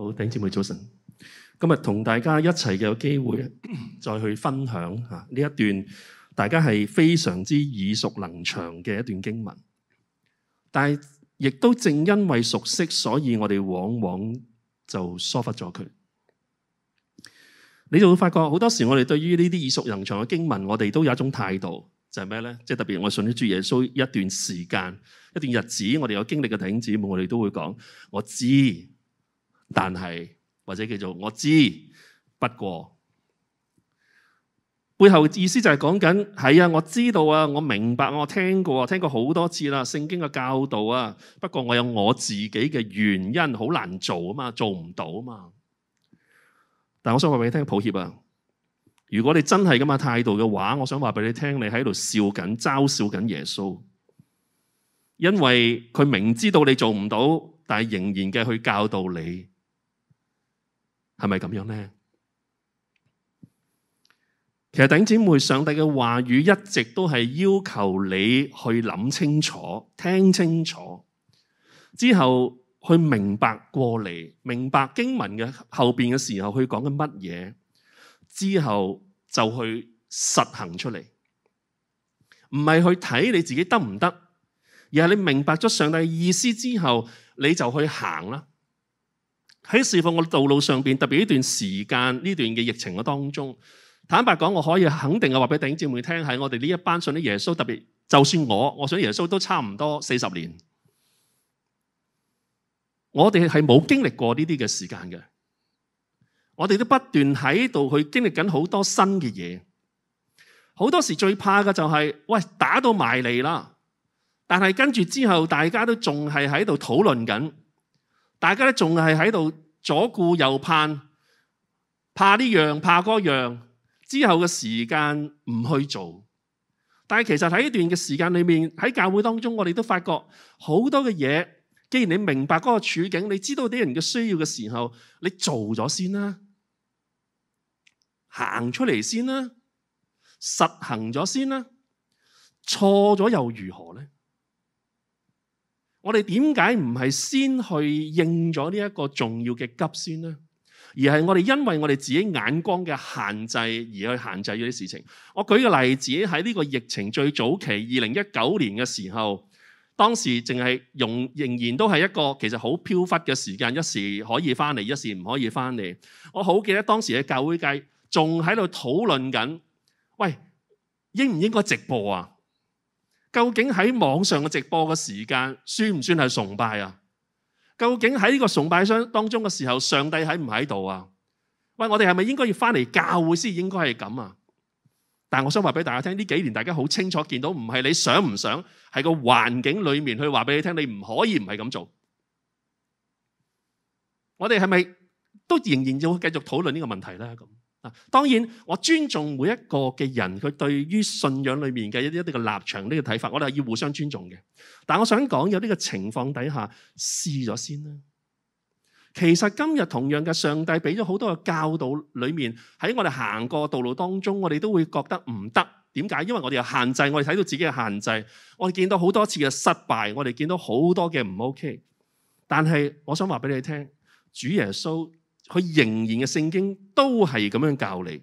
好，弟兄姐妹早晨，今日同大家一齊嘅有機會再去分享啊。呢一段大家係非常之耳熟能詳嘅一段經文，但係亦都正因為熟悉，所以我哋往往就疏忽咗佢。你就會發覺好多時，我哋對於呢啲耳熟能詳嘅經文，我哋都有一種態度，就係咩咧？即係特別我信咗主耶穌一段時間、一段日子，我哋有經歷嘅弟兄姐妹，我哋都會講，我知。但係或者叫做我知，不過背後嘅意思就係講緊係啊，我知道啊，我明白，我聽過，聽過好多次啦。聖經嘅教導啊，不過我有我自己嘅原因，好難做啊嘛，做唔到啊嘛。但我想話俾你聽，抱歉啊，如果你真係咁嘅態度嘅話，我想話俾你聽，你喺度笑緊，嘲笑緊耶穌，因為佢明知道你做唔到，但係仍然嘅去教導你。係咪咁樣呢？其實頂姐妹，上帝嘅話語一直都係要求你去諗清楚、聽清楚，之後去明白過嚟，明白經文嘅後面嘅時候，佢講緊乜嘢，之後就去實行出嚟，唔係去睇你自己得唔得，而係你明白咗上帝的意思之後，你就去行啦。喺侍奉我道路上邊，特別呢段時間呢段嘅疫情嘅當中，坦白講，我可以肯定嘅話俾弟兄姊妹聽，喺我哋呢一班信咗耶穌，特別就算我，我信咗耶穌都差唔多四十年，我哋係冇經歷過呢啲嘅時間嘅，我哋都不斷喺度去經歷緊好多新嘅嘢，好多時最怕嘅就係，喂，打到埋嚟啦，但係跟住之後大家都仲係喺度討論緊。大家咧仲係喺度左顧右盼，怕呢樣怕嗰樣，之後嘅時間唔去做。但係其實喺呢段嘅時間裏面，喺教會當中，我哋都發覺好多嘅嘢。既然你明白嗰個處境，你知道啲人嘅需要嘅時候，你做咗先啦，行出嚟先啦，實行咗先啦，錯咗又如何呢？我哋點解唔係先去應咗呢一個重要嘅急先呢？而係我哋因為我哋自己眼光嘅限制而去限制咗啲事情。我舉個例子喺呢個疫情最早期二零一九年嘅時候，當時淨係仍然都係一個其實好飄忽嘅時間，一時可以翻嚟，一時唔可以翻嚟。我好記得當時嘅教會界仲喺度討論緊，喂，應唔應該直播啊？究竟喺網上嘅直播嘅時間算唔算係崇拜啊？究竟喺呢個崇拜箱當中嘅時候，上帝喺唔喺度啊？喂，我哋係咪應該要翻嚟教會先應該係咁啊？但係我想話俾大家聽，呢幾年大家好清楚見到，唔係你想唔想，喺個環境裡面去話俾你聽，你唔可以唔係咁做。我哋係咪都仍然要繼續討論呢個問題呢？咁。當然，我尊重每一個嘅人，佢對於信仰裏面嘅一啲一啲嘅立場呢個睇法，我哋係要互相尊重嘅。但我想講，有呢個情況底下，試咗先啦。其實今日同樣嘅上帝俾咗好多嘅教導，裏面喺我哋行過道路當中，我哋都會覺得唔得。點解？因為我哋有限制，我哋睇到自己嘅限制，我哋見到好多次嘅失敗，我哋見到好多嘅唔 OK。但係我想話俾你聽，主耶穌。佢仍然嘅聖經都係咁樣教你，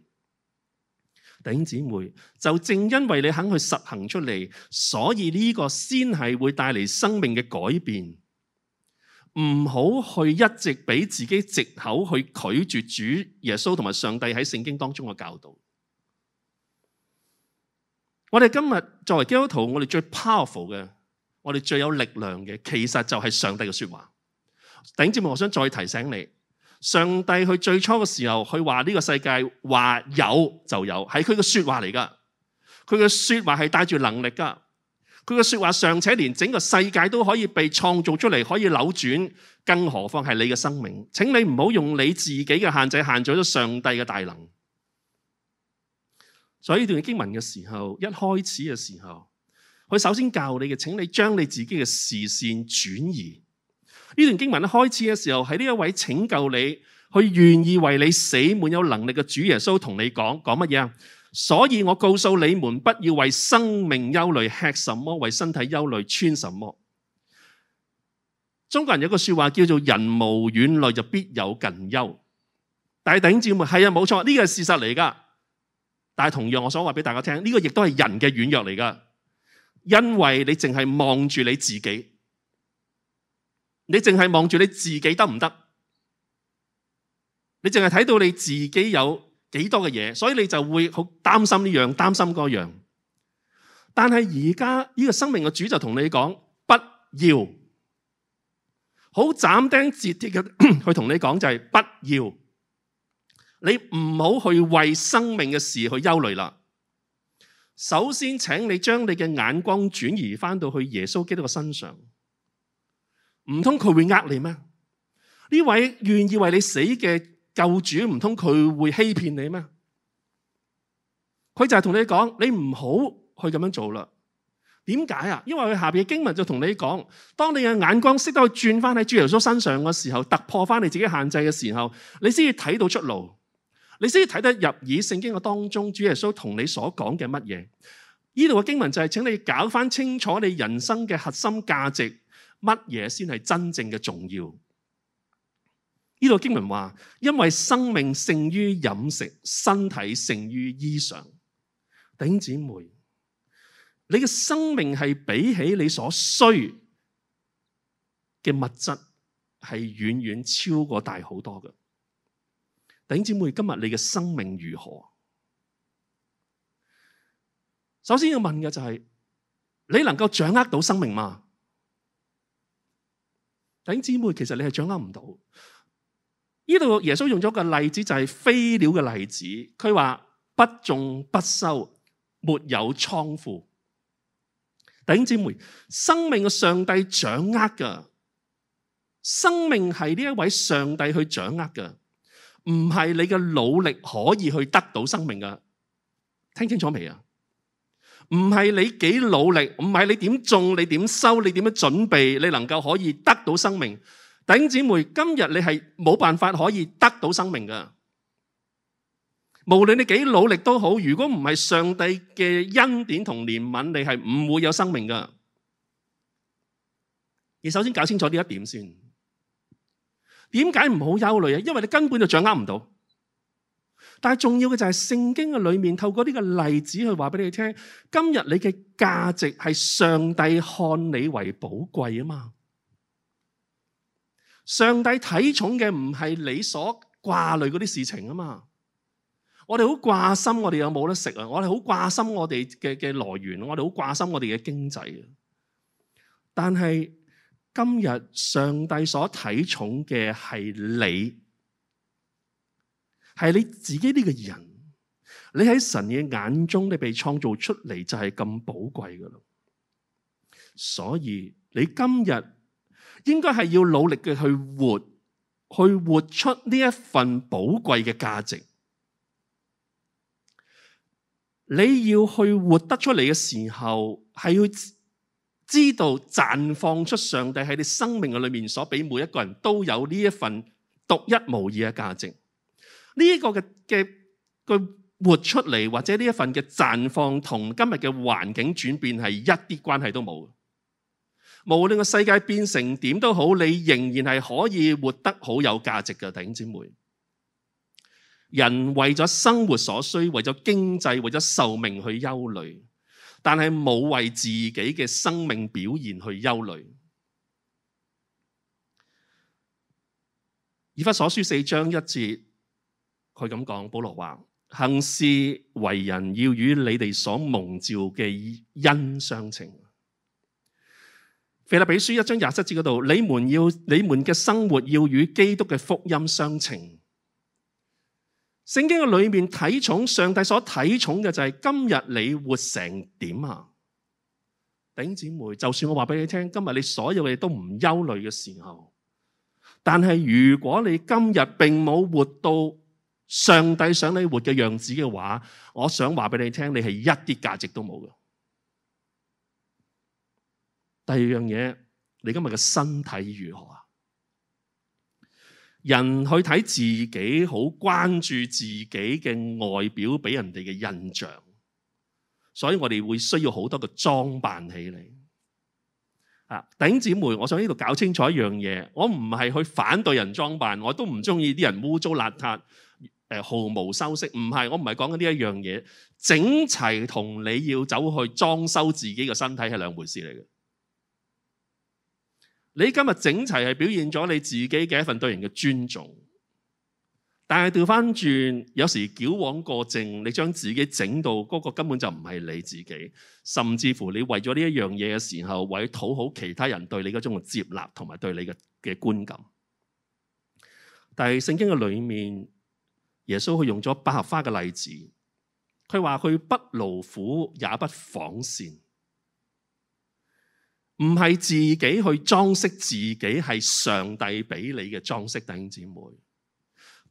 弟兄姊妹就正因為你肯去實行出嚟，所以呢個先係會帶嚟生命嘅改變。唔好去一直俾自己借口去拒絕主耶穌同埋上帝喺聖經當中嘅教導。我哋今日作為基督徒，我哋最 powerful 嘅，我哋最有力量嘅，其實就係上帝嘅說話。弟兄姐妹，我想再提醒你。上帝佢最初嘅時候，佢話呢個世界話有就有，係佢嘅說話嚟㗎。佢嘅說話係帶住能力㗎。佢嘅說話尚且連整個世界都可以被創造出嚟，可以扭轉，更何況係你嘅生命。請你唔好用你自己嘅限制限制咗上帝嘅大能。所以呢段經文嘅時候，一開始嘅時候，佢首先教你嘅，請你將你自己嘅視線轉移。呢段經文咧，開始嘅時候，喺呢一位拯救你、去願意為你死、滿有能力嘅主耶穌同你講講乜嘢啊？所以我告訴你們，不要為生命憂慮，吃什麼；為身體憂慮，穿什麼。中國人有句說話叫做“人無遠慮，就必有近憂”。但係弟兄姊妹，係啊，冇錯，呢個係事實嚟噶。但係同樣，我想話俾大家聽，呢個亦都係人嘅軟弱嚟噶，因為你淨係望住你自己。你淨係望住你自己得唔得？你淨係睇到你自己有幾多嘅嘢，所以你就會好擔心呢樣，擔心嗰樣。但係而家呢個生命嘅主就同你講，不要好斬釘截鐵嘅，去同你講就係不要，你唔好去為生命嘅事去憂慮啦。首先，請你將你嘅眼光轉移翻，到去耶穌基督嘅身上。唔通佢會呃你咩？呢位願意為你死嘅救主，唔通佢會欺騙你咩？佢就係同你講，你唔好去咁樣做啦。點解啊？因為佢下邊嘅經文就同你講，當你嘅眼光識得去轉翻喺主耶穌身上嘅時候，突破翻你自己限制嘅時候，你先至睇到出路，你先至睇得入耳聖經嘅當中，主耶穌同你所講嘅乜嘢？呢度嘅經文就係、是、請你搞翻清楚你人生嘅核心價值。乜嘢先係真正嘅重要？呢度經文話，因為生命勝於飲食，身體勝於衣裳。弟兄姐妹，你嘅生命係比起你所需嘅物質係遠遠超過大好多嘅。弟兄姐妹，今日你嘅生命如何？首先要問嘅就係、是：你能夠掌握到生命嗎？弟兄姊妹，其實你係掌握唔到。呢度耶穌用咗個例子就係飛鳥嘅例子，佢話不種不收，沒有倉庫。弟兄姊妹，生命嘅上帝掌握噶，生命係呢一位上帝去掌握噶，唔係你嘅努力可以去得到生命噶。聽清楚未啊？唔係你幾努力，唔係你點種，你點收，你點樣準備，你能夠可以得到生命。弟兄姊妹，今日你係冇辦法可以得到生命㗎。無論你幾努力都好，如果唔係上帝嘅恩典同憐憫，你係唔會有生命㗎。你首先搞清楚呢一點先。點解唔好憂慮啊？因為你根本就掌握唔到。但係重要嘅就係聖經嘅裏面，透過呢個例子去話俾你聽，今日你嘅價值係上帝看你為寶貴啊嘛！上帝睇重嘅唔係你所掛慮嗰啲事情啊嘛！我哋好掛心我哋有冇得食啊！我哋好掛心我哋嘅嘅來源，我哋好掛心我哋嘅經濟啊！但係今日上帝所睇重嘅係你，係你自己呢個人，你喺神嘅眼中，你被創造出嚟就係這咁寶貴㗎。所以你今日應該係要努力嘅去活，去活出呢一份寶貴嘅價值。你要去活得出嚟嘅時候，係要知道綻放出上帝喺你生命裏面所畀每一個人都有呢一份獨一無二嘅價值。呢個嘅嘅個活出嚟，或者呢一份嘅綻放，同今日嘅環境轉變係一啲關係都冇。無論個世界變成點都好，你仍然係可以活得好有價值嘅弟兄姊妹。人為咗生活所需，為咗經濟，為咗壽命去憂慮，但係冇為自己嘅生命表現去憂慮。以弗所書四章一節。佢咁講，保羅話行事為人要與你哋所蒙召嘅恩相稱。腓立比書一章廿七節嗰度，你們要你們嘅生活要與基督嘅福音相稱。聖經嘅裏面睇重上帝所睇重嘅就係、是、今日你活成點啊，頂姊妹，就算我話俾你聽，今日你所有嘢都唔憂慮嘅時候，但係如果你今日並冇活到。上帝想你活嘅樣子嘅話，我想話俾你聽，你係一啲價值都冇嘅。第二樣嘢，你今日嘅身體如何啊？人去睇自己，好關注自己嘅外表，俾人哋嘅印象，所以我哋會需要好多嘅裝扮起嚟。啊，頂姊妹，我想呢度搞清楚一樣嘢，我唔係去反對人裝扮，我都唔中意啲人污糟邋遢。毫無修飾，唔係，我唔係講緊呢一樣嘢，整齊同你要走去裝修自己嘅身體係兩回事嚟嘅。你今日整齊係表現咗你自己嘅一份對人嘅尊重，但係調翻轉，有時矯枉過正，你將自己整到嗰個根本就唔係你自己，甚至乎你為咗呢一樣嘢嘅時候，為了討好其他人對你嘅一種接納同埋對你嘅嘅觀感，但係聖經嘅裏面，耶穌佢用咗百合花嘅例子，佢話佢不勞苦也不紡線，唔係自己去裝飾自己，係上帝俾你嘅裝飾，弟兄姊妹。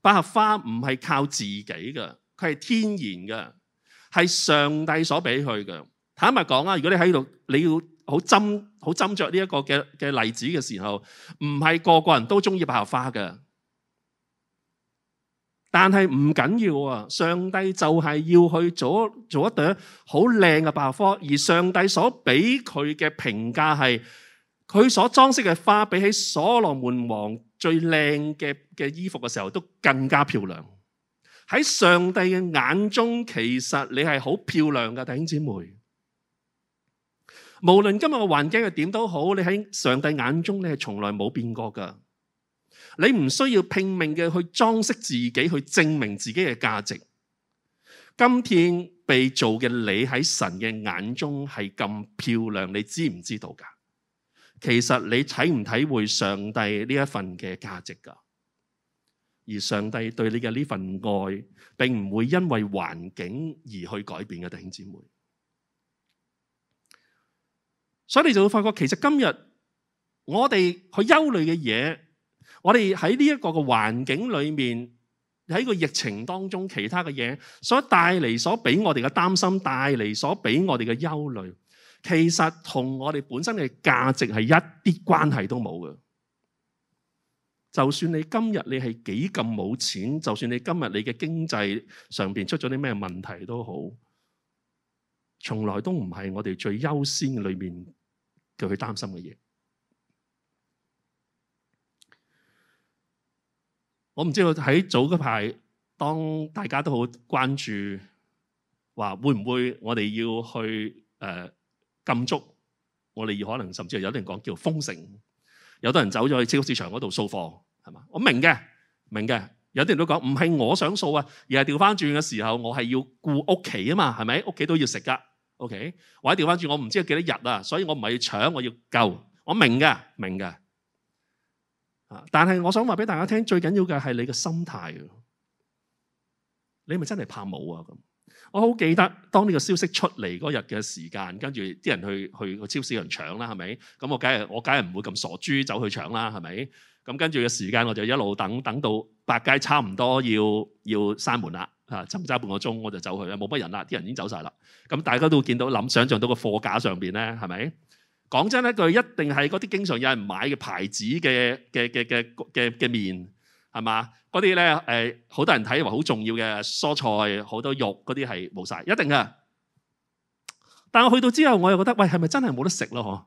百合花唔係靠自己嘅，佢係天然嘅，係上帝所俾佢嘅。坦白講啊，如果你喺度你要好斟好斟酌呢一個嘅嘅例子嘅時候，唔係個個人都中意百合花嘅。但係唔緊要啊！上帝就係要去做做一朵好靚嘅百合花，而上帝所俾佢嘅評價係，佢所裝飾嘅花比起所羅門王最靚嘅嘅衣服嘅時候都更加漂亮。喺上帝嘅眼中，其實你係好漂亮㗎，弟兄姊妹。無論今日嘅環境係點都好，你喺上帝眼中你係從來冇變過噶。你唔需要拼命嘅去裝飾自己，去證明自己嘅價值。今天被造嘅你喺神嘅眼中係咁漂亮，你知唔知道噶？其實你體唔體會上帝呢一份嘅價值噶？而上帝對你嘅呢份愛，並唔會因為環境而去改變嘅，弟兄姊妹。所以你就會發覺，其實今日我哋去憂慮嘅嘢。我哋喺呢一個環境裏面，喺個疫情當中，其他嘅嘢所帶嚟、所俾我哋嘅擔心，帶嚟所俾我哋嘅憂慮，其實同我哋本身嘅價值係一啲關係都冇嘅。就算你今日你係幾咁冇錢，就算你今日你嘅經濟上面出咗啲咩問題都好，從來都唔係我哋最優先裏面嘅去擔心嘅嘢。我唔知道喺早嗰排，當大家都好關注，話會唔會我哋要去、呃、禁足我哋？我哋要可能甚至有啲人講叫封城，有啲人走咗去超級市場嗰度掃貨，係嘛？我明嘅，明嘅。有啲人都講唔係我想掃啊，而係調返轉嘅時候，我係要顧屋企啊嘛，係咪？屋企都要食㗎，OK？或者調返轉我唔知幾多日啊，所以我唔係要搶，我要救。我明嘅，明嘅。但係我想話俾大家聽，最緊要嘅係你嘅心態。你咪真係怕冇啊？咁我好記得當呢個消息出嚟嗰日嘅時間，跟住啲人去去個超市，人搶啦，係咪？咁我梗係我梗係唔會咁傻豬走去搶啦，係咪？咁跟住嘅時間，我就一路等，等到百佳差唔多要要閂門啦。差唔多半個鐘我就走去啦，冇乜人啦，啲人已經走晒啦。咁大家都會見到諗，想像到個貨架上邊咧，係咪？講真一句，一定係嗰啲經常有人買嘅牌子嘅嘅嘅嘅嘅嘅麵係嘛？嗰啲咧誒，好、呃、多人睇話好重要嘅蔬菜，好多肉嗰啲係冇晒，一定嘅。但我去到之後，我又覺得喂，係咪真係冇得食咯？嗬，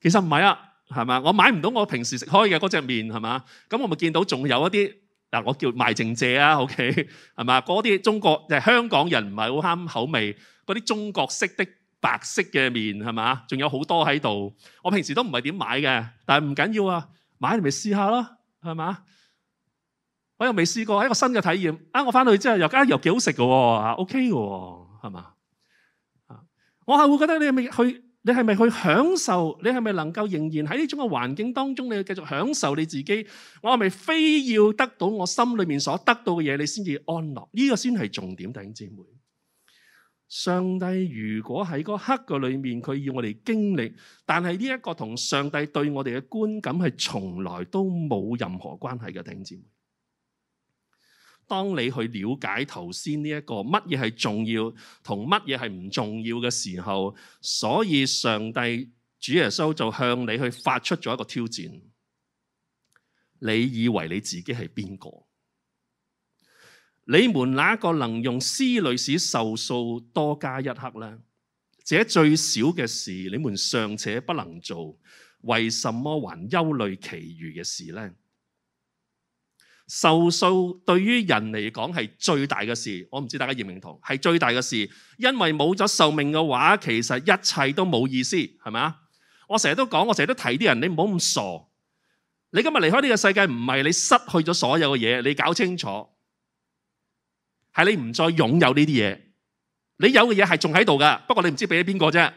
其實唔係啊，係嘛？我買唔到我平時食開嘅嗰隻麵係嘛？咁我咪見到仲有一啲嗱，我叫賣剩蔗啊，OK 係嘛？嗰啲中國就是、香港人唔係好啱口味，嗰啲中國式的。白色嘅麵係嘛？仲有好多喺度。我平時都唔係點買嘅，但係唔緊要啊，買嚟咪試下咯，係嘛？我又未試過一個新嘅體驗。啊，我翻到去之後又，啊又幾好食嘅喎，OK 嘅喎、哦，係嘛？我係會覺得你係咪去？你係咪去享受？你係咪能夠仍然喺呢種嘅環境當中，你繼續享受你自己？我係咪非要得到我心裏面所得到嘅嘢，你先至安樂？呢、這個先係重點，弟兄姊妹。上帝如果喺嗰刻嘅裏面，佢要我哋經歷，但係呢一個同上帝對我哋嘅觀感係從來都冇任何關係嘅。弟兄，當你去了解頭先呢一個乜嘢係重要同乜嘢係唔重要嘅時候，所以上帝主耶穌就向你去發出咗一個挑戰。你以為你自己係邊個？你們哪個能用思慮，使壽數多加一刻呢？這最小嘅事你們尚且不能做，為什麼還憂慮其餘嘅事呢？壽數對於人嚟講係最大嘅事，我唔知大家認唔認同？係最大嘅事，因為冇咗壽命嘅話，其實一切都冇意思，係咪啊？我成日都講，我成日都提啲人，你唔好咁傻。你今日離開呢個世界唔係你失去咗所有嘅嘢，你搞清楚。係你唔再擁有呢啲嘢，你有嘅嘢係仲喺度噶，不過你唔知俾咗邊個啫。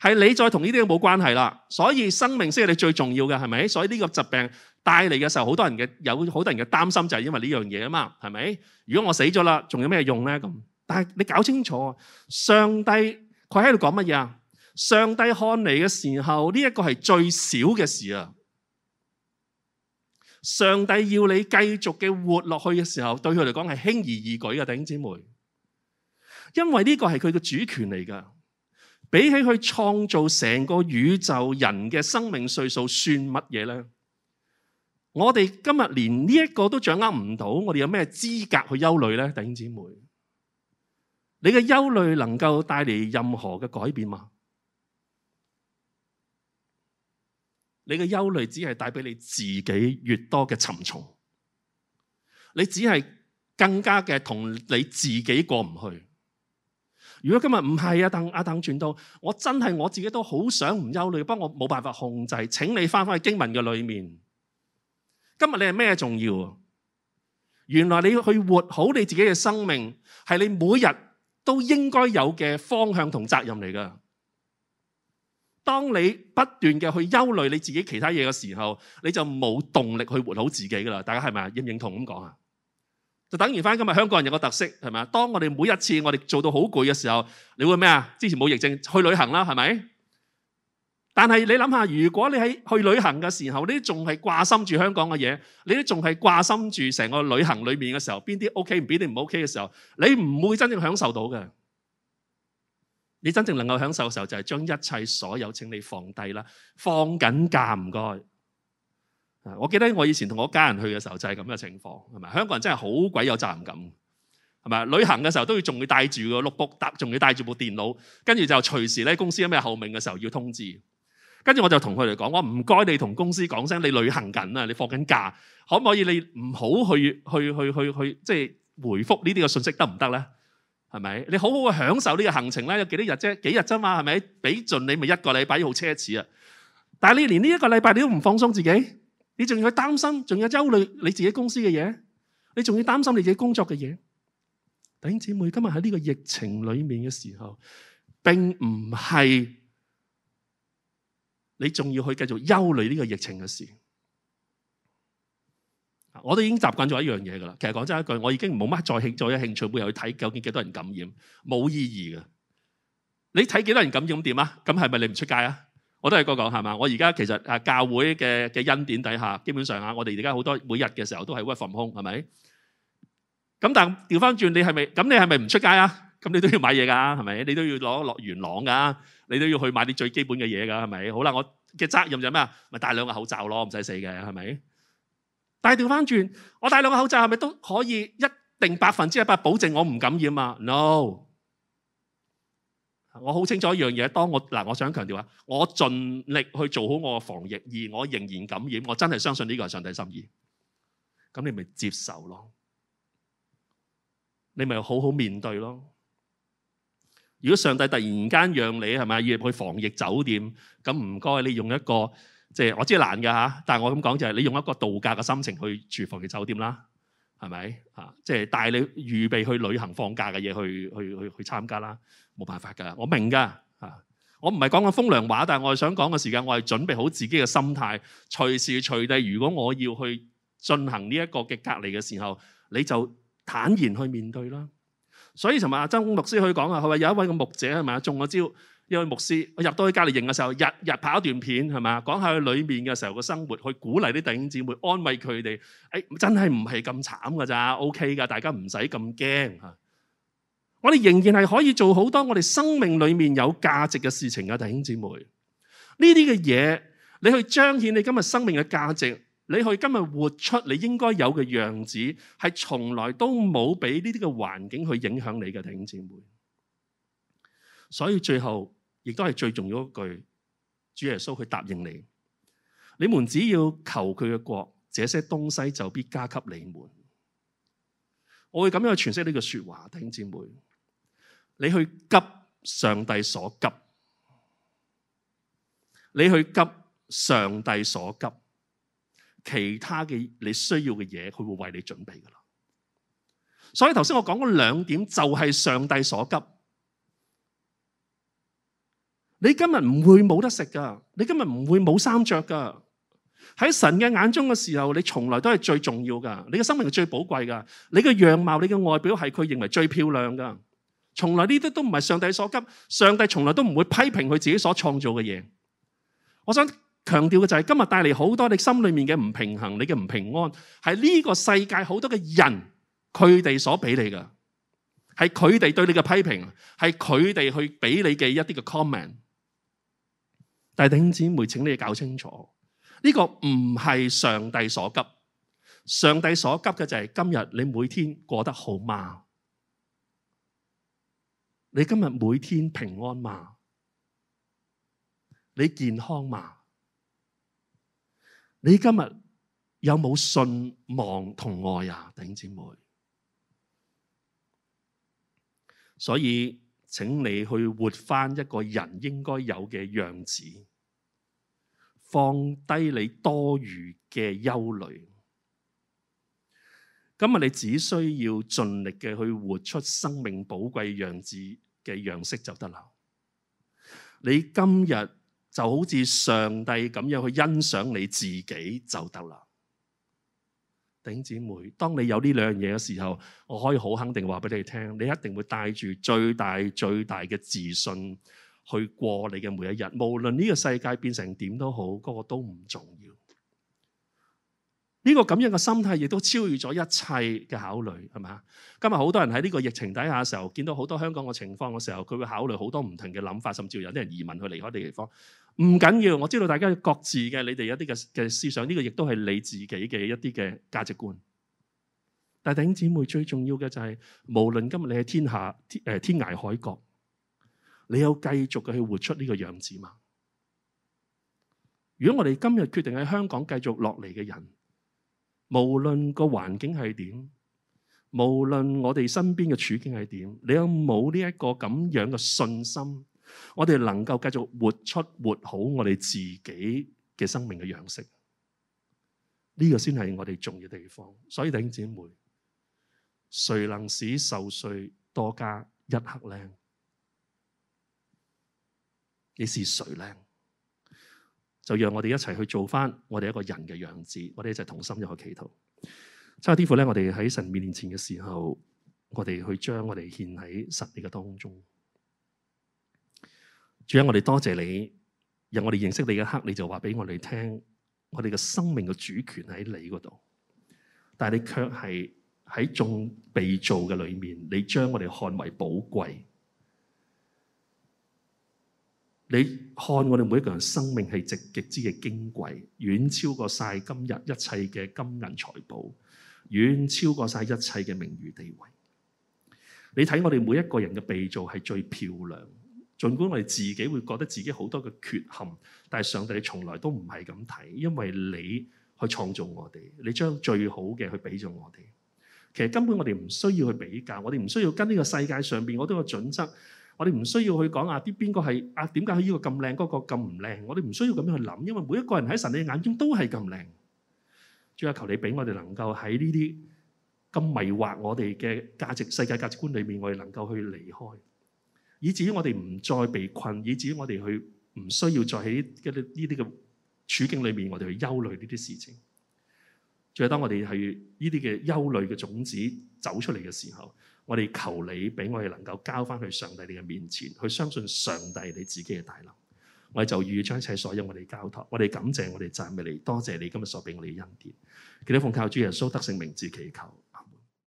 係你再同呢啲冇關係啦，所以生命先係你最重要嘅，係咪？所以呢個疾病帶嚟嘅時候，好多人嘅有好多人嘅擔心就係因為呢樣嘢啊嘛，係咪？如果我死咗啦，仲有咩用咧咁？但係你搞清楚，上帝佢喺度講乜嘢啊？上帝看你嘅時候，呢一個係最少嘅事啊！上帝要你繼續嘅活落去嘅時候，對佢嚟講係輕而易舉嘅，弟兄姊妹。因為呢個係佢嘅主權嚟噶，比起佢創造成個宇宙、人嘅生命歲數，算乜嘢呢？我哋今日連呢一個都掌握唔到，我哋有咩資格去憂慮呢？弟兄姊妹，你嘅憂慮能夠帶嚟任何嘅改變嗎？你嘅憂慮只係帶俾你自己越多嘅沉重，你只係更加嘅同你自己過唔去。如果今日唔係阿鄧，阿鄧傳道，我真係我自己都好想唔憂慮，不過我冇辦法控制。請你翻返去經文嘅裏面，今日你係咩重要？原來你去活好你自己嘅生命，係你每日都應該有嘅方向同責任嚟㗎。當你不斷嘅去憂慮你自己其他嘢嘅時候，你就冇動力去活好自己噶啦。大家係咪啊？認唔認同咁講啊？就等於翻今日香港人有個特色係咪啊？當我哋每一次我哋做到好攰嘅時候，你會咩啊？之前冇疫症去旅行啦，係咪？但係你諗下，如果你喺去旅行嘅時候，你都仲係掛心住香港嘅嘢，你都仲係掛心住成個旅行裏面嘅時候，邊啲 OK 唔俾你唔 OK 嘅時候，你唔會真正享受到嘅。你真正能夠享受嘅時候，就係將一切所有請你放低啦，放緊假唔該。我記得我以前同我家人去嘅時候，就係咁嘅情況，係咪？香港人真係好鬼有責任感，係咪？旅行嘅時候都要仲要帶住個碌卜，搭仲要帶住部電腦，跟住就隨時咧公司有咩後命嘅時候要通知。跟住我就同佢哋講，我唔該你同公司講聲，你旅行緊啊，你放緊假，可唔可以你唔好去去去去去即係回覆呢啲嘅信息得唔得咧？係咪？你好好去享受呢個行程啦。有幾多日啫？幾日啫嘛？係咪？俾盡你咪一個禮拜，好奢侈啊！但係你連呢一個禮拜你都唔放鬆自己，你仲要去擔心，仲要憂慮你自己公司嘅嘢，你仲要擔心你自己工作嘅嘢。弟兄姊妹，今日喺呢個疫情裏面嘅時候，並唔係你仲要去繼續憂慮呢個疫情嘅事。我都已經習慣咗一樣嘢噶啦，其實講真一句，我已經冇乜再興再有興趣每日去睇究竟幾多人感染，冇意義噶。你睇幾多人感染咁點啊？咁係咪你唔出街啊？我都係咁講係嘛？我而家其實啊，教會嘅嘅恩典底下，基本上啊，我哋而家好多每日嘅時候都係 work from home，係咪？咁但調翻轉，你係咪咁？你係咪唔出街啊？咁你都要買嘢噶係咪？你都要攞落元朗噶，你都要去買啲最基本嘅嘢噶係咪？好啦，我嘅責任就係咩啊？咪戴兩個口罩咯，唔使死嘅係咪？但係調翻轉，我戴兩個口罩係咪都可以一定百分之一百保證我唔感染啊？No，我好清楚一樣嘢，當我嗱，我想強調啊，我盡力去做好我嘅防疫，而我仍然感染，我真係相信呢個係上帝心意。咁你咪接受咯，你咪好好面對咯。如果上帝突然間讓你係咪要入去防疫酒店，咁唔該你用一個。即係我知難嘅吓，但係我咁講就係你用一個度假嘅心情去住房嘅酒店啦，係咪啊？即係帶你預備去旅行放假嘅嘢去去去去參加啦，冇辦法㗎，我明㗎啊！我唔係講個風涼話，但係我係想講嘅時間，我係準備好自己嘅心態，隨時隨地，如果我要去進行呢一個嘅隔離嘅時候，你就坦然去面對啦。所以尋日阿曾律師去講啊，佢話有一位個牧者係咪啊中咗招？一個牧師，我入到去隔離營嘅時候，日日拍一段片，係嘛，講下佢裏面嘅時候個生活，去鼓勵啲弟兄姊妹，安慰佢哋。誒，真係唔係咁慘噶咋，OK 噶，大家唔使咁驚。我哋仍然係可以做好多我哋生命裏面有價值嘅事情啊，弟兄姊妹。呢啲嘅嘢，你去彰顯你今日生命嘅價值，你去今日活出你應該有嘅樣子，係從來都冇俾呢啲嘅環境去影響你嘅弟兄姊妹。所以最後。亦都係最重要一句，主耶穌佢答應你，你們只要求佢嘅國，這些東西就必加給你們。我會咁樣去詮釋呢句說話，弟兄姊妹，你去急上帝所急，你去急上帝所急，其他嘅你需要嘅嘢，佢會為你準備㗎啦。所以頭先我講嗰兩點，就係上帝所急。你今日唔會冇得食噶，你今日唔會冇衫着噶。喺神嘅眼中嘅時候，你從來都係最重要噶。你嘅生命係最寶貴噶。你嘅樣貌、你嘅外表係佢認為最漂亮噶。從來呢啲都唔係上帝所急。上帝從來都唔會批評佢自己所創造嘅嘢。我想強調嘅就係、是、今日帶嚟好多你心裏面嘅唔平衡、你嘅唔平安，係呢個世界好多嘅人佢哋所俾你噶，係佢哋對你嘅批評，係佢哋去俾你嘅一啲嘅 comment。但係弟兄姊妹，請你搞清楚，呢、這個唔係上帝所急。上帝所急嘅，就係今日你每天過得好嗎？你今日每天平安嗎？你健康嗎？你今日有冇信望同愛啊？弟兄姊妹，所以。請你去活翻一個人應該有嘅樣子，放低你多餘嘅憂慮。今日你只需要盡力嘅去活出生命寶貴樣子嘅樣式就得啦。你今日就好似上帝咁樣去欣賞你自己就得啦。頂姊妹，當你有呢兩樣嘢嘅時候，我可以好肯定話俾你聽，你一定會帶住最大最大嘅自信去過你嘅每一日。無論呢個世界變成點都好，嗰個都唔重要。呢個咁樣嘅心態，亦都超越咗一切嘅考慮，係咪啊？今日好多人喺呢個疫情底下嘅時候，見到好多香港嘅情況嘅時候，佢會考慮好多唔同嘅諗法，甚至有啲人移民去離開呢個地方。唔緊要，我知道大家各自嘅，你哋一啲嘅嘅思想，呢個亦都係你自己嘅一啲嘅價值觀。但係弟兄姊妹最重要嘅就係，無論今日你喺天下誒天涯海角，你有繼續去活出呢個樣子嘛？如果我哋今日決定喺香港繼續落嚟嘅人，無論個環境係點，無論我哋身邊嘅處境係點，你有冇呢一個咁樣嘅信心？我哋能夠繼續活出活好我哋自己嘅生命嘅樣式，呢、這個先係我哋重要地方。所以，弟兄姐妹，誰能使壽數多加一刻呢？你是誰呢？就讓我哋一齊去做返我哋一個人嘅樣子，我哋一齊同心入去祈禱。差啲乎咧，我哋喺神面前嘅時候，我哋去將我哋獻喺神嘅當中。主，我哋多謝，謝你，由我哋認識你嘅一刻，你就話俾我哋聽，我哋嘅生命嘅主權喺你嗰度。但係你卻係喺眾被造嘅裏面，你將我哋看為寶貴。你看我哋每一個人生命係值極之嘅矜貴，遠超過晒今日一切嘅金銀財寶，遠超過晒一切嘅名譽地位。你睇我哋每一個人嘅被造係最漂亮。儘管我哋自己會覺得自己好多嘅缺陷，但係上帝你從來都唔係咁睇，因為你去創造我哋，你將最好嘅去俾咗我哋。其實根本我哋唔需要去比較，我哋唔需要跟呢個世界上邊嗰啲個準則，我哋唔需要去講啊啲邊個係啊點解佢呢個咁靚，嗰個咁唔靚，我哋唔需要咁樣去諗，因為每一個人喺神你嘅眼中都係咁靚。最後，求你俾我哋能夠喺呢啲咁迷惑我哋嘅價值世界價值觀裏面，我哋能夠去離開。以至於我哋唔再被困，以至於我哋去唔需要再喺呢啲呢啲嘅處境裏面，我哋去憂慮呢啲事情。仲有當我哋係呢啲嘅憂慮嘅種子走出嚟嘅時候，我哋求你俾我哋能夠交翻去上帝你嘅面前，去相信上帝你自己嘅大能。我哋就願意將一切所有我哋交託，我哋感謝，我哋讚美你，多謝你今日所俾我哋嘅恩典。求你奉靠主耶穌得勝，名字祈求。